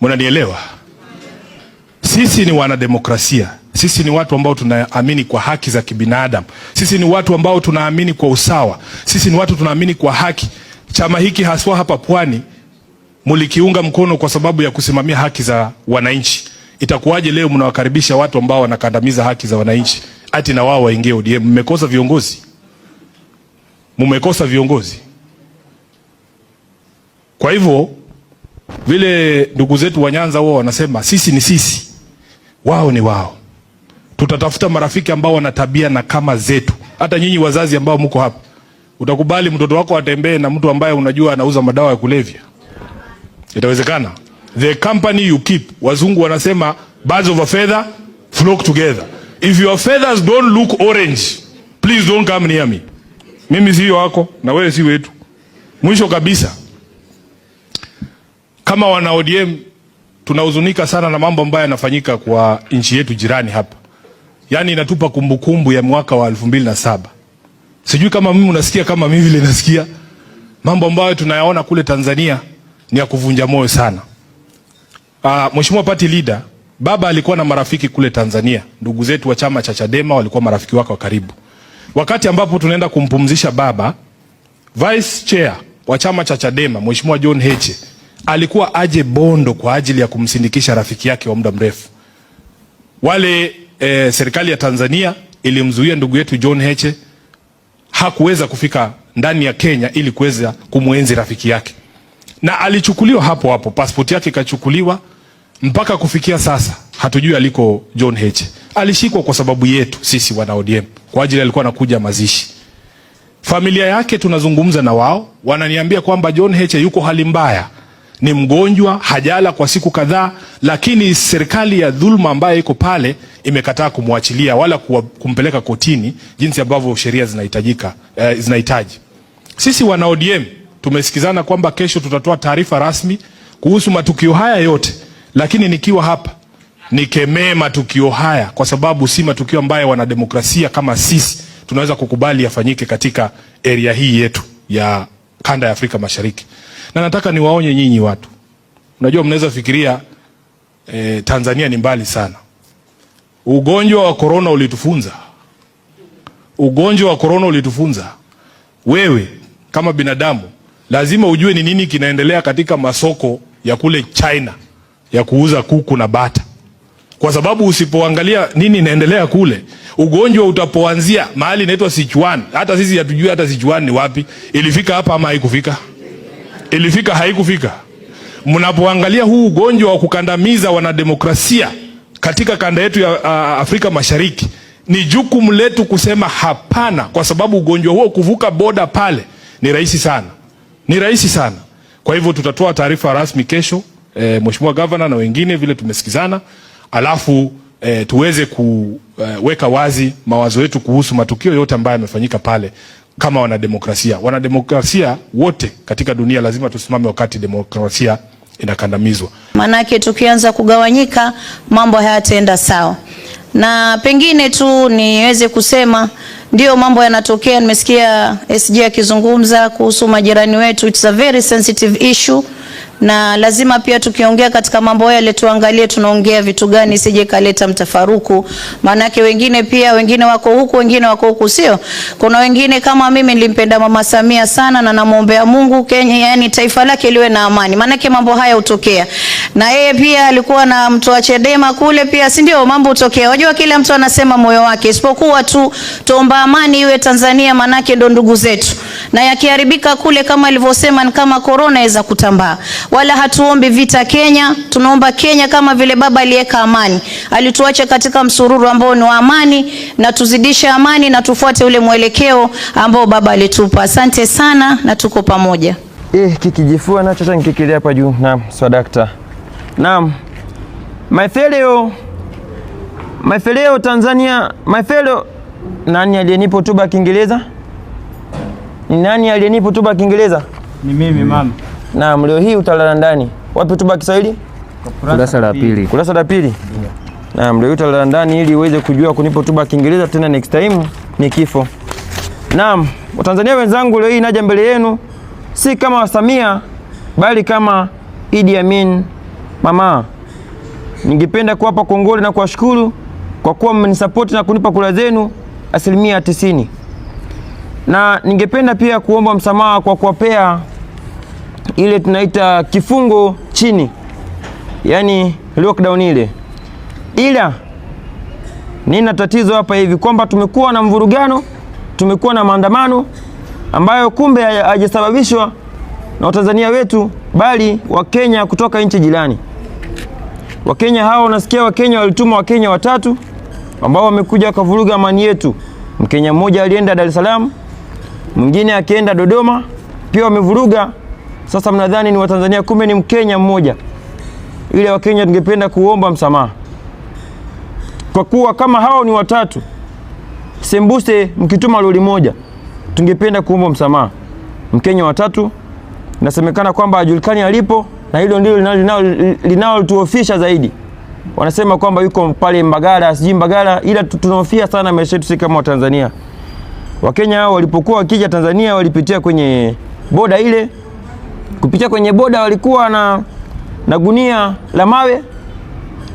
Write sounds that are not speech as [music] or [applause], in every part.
Mnanielewa? Sisi ni wanademokrasia. Sisi ni watu ambao tunaamini kwa haki za kibinadamu. Sisi ni watu ambao tunaamini kwa usawa. Sisi ni watu tunaamini kwa haki. Chama hiki haswa hapa Pwani mulikiunga mkono kwa sababu ya kusimamia haki za wananchi. Itakuwaje leo mnawakaribisha watu ambao wanakandamiza haki za wananchi ati na wao waingie ODM? Mmekosa viongozi, mmekosa viongozi. Kwa hivyo vile ndugu zetu wa Nyanza wao wanasema sisi ni sisi, wao ni wao. Tutatafuta marafiki ambao wana tabia na kama zetu. Hata nyinyi wazazi ambao mko hapa, utakubali mtoto wako atembee na mtu ambaye unajua anauza madawa ya kulevya? Itawezekana? The company you keep, wazungu wanasema birds of a feather flock together. If your feathers don't look orange, please don't come near me. Mimi si wako na wewe si wetu. Mwisho kabisa kama wana ODM tunahuzunika sana na mambo ambayo yanafanyika kwa nchi yetu jirani hapa, yaani inatupa kumbukumbu kumbu ya mwaka wa elfu mbili na saba. Sijui kama mimi unasikia kama mimi vile nasikia. Mambo ambayo tunayaona kule Tanzania ni ya kuvunja moyo sana. Ah, Mheshimiwa Party Leader baba alikuwa na marafiki kule Tanzania, ndugu zetu wa chama cha Chadema walikuwa marafiki wako wa karibu. Wakati ambapo tunaenda kumpumzisha baba, Vice Chair wa chama cha Chadema Mheshimiwa John Heche alikuwa aje Bondo kwa ajili ya kumsindikisha rafiki yake wa muda mrefu wale. E, serikali ya Tanzania ilimzuia ndugu yetu John Heche, hakuweza kufika ndani ya Kenya ili kuweza kumwenzi rafiki yake, na alichukuliwa hapo hapo, pasipoti yake ikachukuliwa. Mpaka kufikia sasa hatujui aliko John Heche. Alishikwa kwa sababu yetu sisi wana ODM, kwa ajili alikuwa anakuja mazishi. Familia yake tunazungumza na wao, wananiambia kwamba John Heche yuko hali mbaya ni mgonjwa, hajala kwa siku kadhaa, lakini serikali ya dhulma ambayo iko pale imekataa kumwachilia wala kumpeleka kotini jinsi ambavyo sheria zinahitajika, eh, zinahitaji. Sisi wana ODM tumesikizana kwamba kesho tutatoa taarifa rasmi kuhusu matukio haya yote, lakini nikiwa hapa nikemee matukio haya kwa sababu si matukio ambayo wanademokrasia kama sisi tunaweza kukubali yafanyike katika eria hii yetu ya kanda ya Afrika Mashariki. Na nataka niwaonye nyinyi watu, unajua mnaweza fikiria eh, Tanzania ni mbali sana. Ugonjwa wa korona ulitufunza, ugonjwa wa korona ulitufunza. Wewe kama binadamu lazima ujue ni nini kinaendelea katika masoko ya kule China ya kuuza kuku na bata kwa sababu usipoangalia nini inaendelea kule, ugonjwa utapoanzia mahali inaitwa Sichuan. Hata sisi hatujui hata Sichuan ni wapi. Ilifika hapa ama haikufika? Ilifika, haikufika? Mnapoangalia huu ugonjwa wa kukandamiza wanademokrasia katika kanda yetu ya Afrika Mashariki, ni jukumu letu kusema hapana, kwa sababu ugonjwa huo kuvuka boda pale ni rahisi sana, ni rahisi sana. Kwa hivyo tutatoa taarifa rasmi kesho, e, Mheshimiwa Gavana na wengine vile tumesikizana alafu eh, tuweze kuweka eh, wazi mawazo yetu kuhusu matukio yote ambayo yamefanyika pale kama wanademokrasia. Wanademokrasia wote katika dunia lazima tusimame wakati demokrasia inakandamizwa, maanake tukianza kugawanyika mambo hayataenda sawa. Na pengine tu niweze kusema ndio mambo yanatokea. Nimesikia SG akizungumza kuhusu majirani wetu, it's a very sensitive issue na lazima pia tukiongea katika mambo haya yale tuangalie tunaongea vitu gani, sije kaleta mtafaruku. Maanake wengine pia wengine wako huku wengine wako huku, sio? Kuna wengine kama mimi nilimpenda Mama Samia sana na namuombea Mungu Kenya, yani taifa lake liwe na amani, maanake mambo haya hutokea. Na yeye pia alikuwa na mtu wa Chadema kule pia, si ndio? Mambo hutokea, wajua kila mtu anasema moyo wake, isipokuwa tu tuomba amani iwe Tanzania, maanake ndo ndugu zetu na yakiharibika kule, kama alivyosema, ni kama korona iweza kutambaa. Wala hatuombi vita Kenya, tunaomba Kenya kama vile baba aliweka amani, alituacha katika msururu ambao ni wa amani, na tuzidishe amani na tufuate ule mwelekeo ambao baba alitupa. Asante sana na tuko pamoja. Eh, kikijifua nacho cha nikikilia hapa juu. Naam, swadakta. Naam. Maitheleo Maitheleo Tanzania Maitheleo nani aliyenipa hotuba ya Kiingereza? Ni nani aliyenipa hotuba Kiingereza? Ni mimi mama. Naam, leo hii utalala ndani. Wapi hotuba Kiswahili? Kurasa la pili. Kurasa la pili. Naam, leo utalala ndani ili uweze kujua kunipa hotuba Kiingereza tena next time ni kifo. Naam, Watanzania wenzangu, leo hii naja mbele yenu si kama Wasamia bali kama Idi Amin mama. Ningependa kuwapa kongole na kuwashukuru kwa kuwa mmenisapoti na kunipa kura zenu asilimia tisini na ningependa pia kuomba msamaha kwa kuwapea ile tunaita kifungo chini, yaani lockdown ile. Ila nina tatizo hapa hivi kwamba tumekuwa na mvurugano, tumekuwa na maandamano ambayo kumbe hajasababishwa na Watanzania wetu bali Wakenya kutoka nchi jirani. Wakenya hao unasikia, Wakenya walituma Wakenya watatu ambao wamekuja wakavuruga amani yetu. Mkenya mmoja alienda Dar es Salaam mwingine akienda Dodoma pia wamevuruga. Sasa mnadhani ni Watanzania, kumbe ni Mkenya mmoja. Ile Wakenya tungependa kuomba msamaha kwa kuwa kama hao ni watatu sembuse, mkituma lori moja, tungependa kuomba msamaha. Mkenya watatu nasemekana kwamba hajulikani alipo, na hilo ndilo linalotuhofisha zaidi. Wanasema kwamba yuko pale Mbagala, sijui Mbagala, ila tunahofia sana maisha yetu sisi kama Watanzania. Wakenya hao walipokuwa wakija Tanzania walipitia kwenye boda ile, kupitia kwenye boda walikuwa na, na gunia la mawe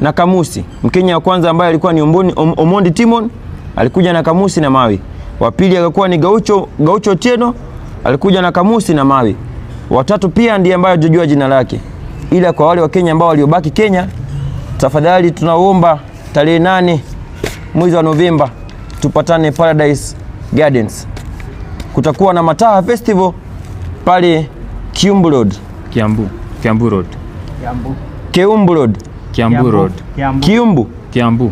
na kamusi. Mkenya wa kwanza ambaye alikuwa ni Omondi, Om, Omondi Timon alikuja na kamusi na mawe. Wa pili akakuwa ni Gaucho, Gaucho Tieno alikuja na kamusi na mawe. Watatu pia ndiye ambaye tujua jina lake, ila kwa wale Wakenya ambao waliobaki Kenya, tafadhali tunaomba tarehe nane mwezi wa Novemba tupatane Paradise Gardens. Kutakuwa na Mataha Festival pale Kiumbu Road. Kiambu. Kiambu Road. Kiambu. Keumbu Road. Kiambu Road. Kiumbu. Kiambu.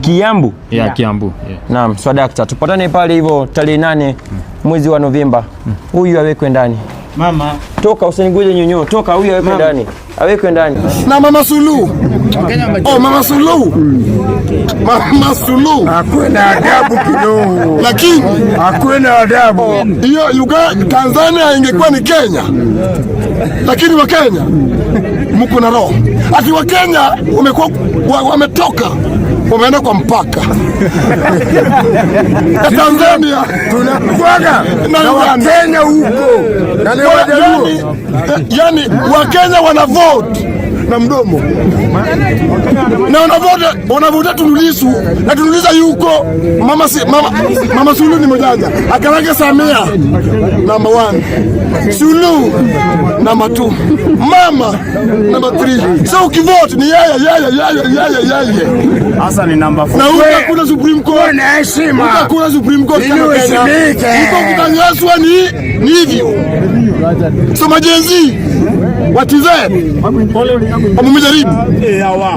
Kiambu. Ya, Kiambu. Yeah. Naam, swadakta. Tupatane pale hivyo tarehe nane mwezi wa Novemba. Mm. Huyu awekwe ndani. Mama, toka usiniguze nyonyo, toka huyo awekwe ndani, Aweke ndani. Na mama Suluhu, oh, mama Suluhu, mama Suluhu hakuna adabu kidogo, lakini hakuna adabu hiyo. Uganda Tanzania ingekuwa ni Kenya, lakini wa Kenya mko na roho ati Wakenya wamekuwa wametoka wameenda kwa mpaka ya [laughs] Tanzania tunakwaga na Wakenya huko na leo yani, eh, yani Wakenya wana vote na mdomo na wanavota Tundu tunulisu na tunuliza yuko mama, si, mama, mama Sulu ni mjanja akalake Samia namba 1 Sulu namba 2 mama namba 3 so ukivote ni yeye yeye yeye yeye yeye hasa ni namba 4 na kuna Supreme Court na heshima kuna Supreme Court kama Kenya uko kutanyaswa ni ni hivyo so majenzi watize wamejaribu eh,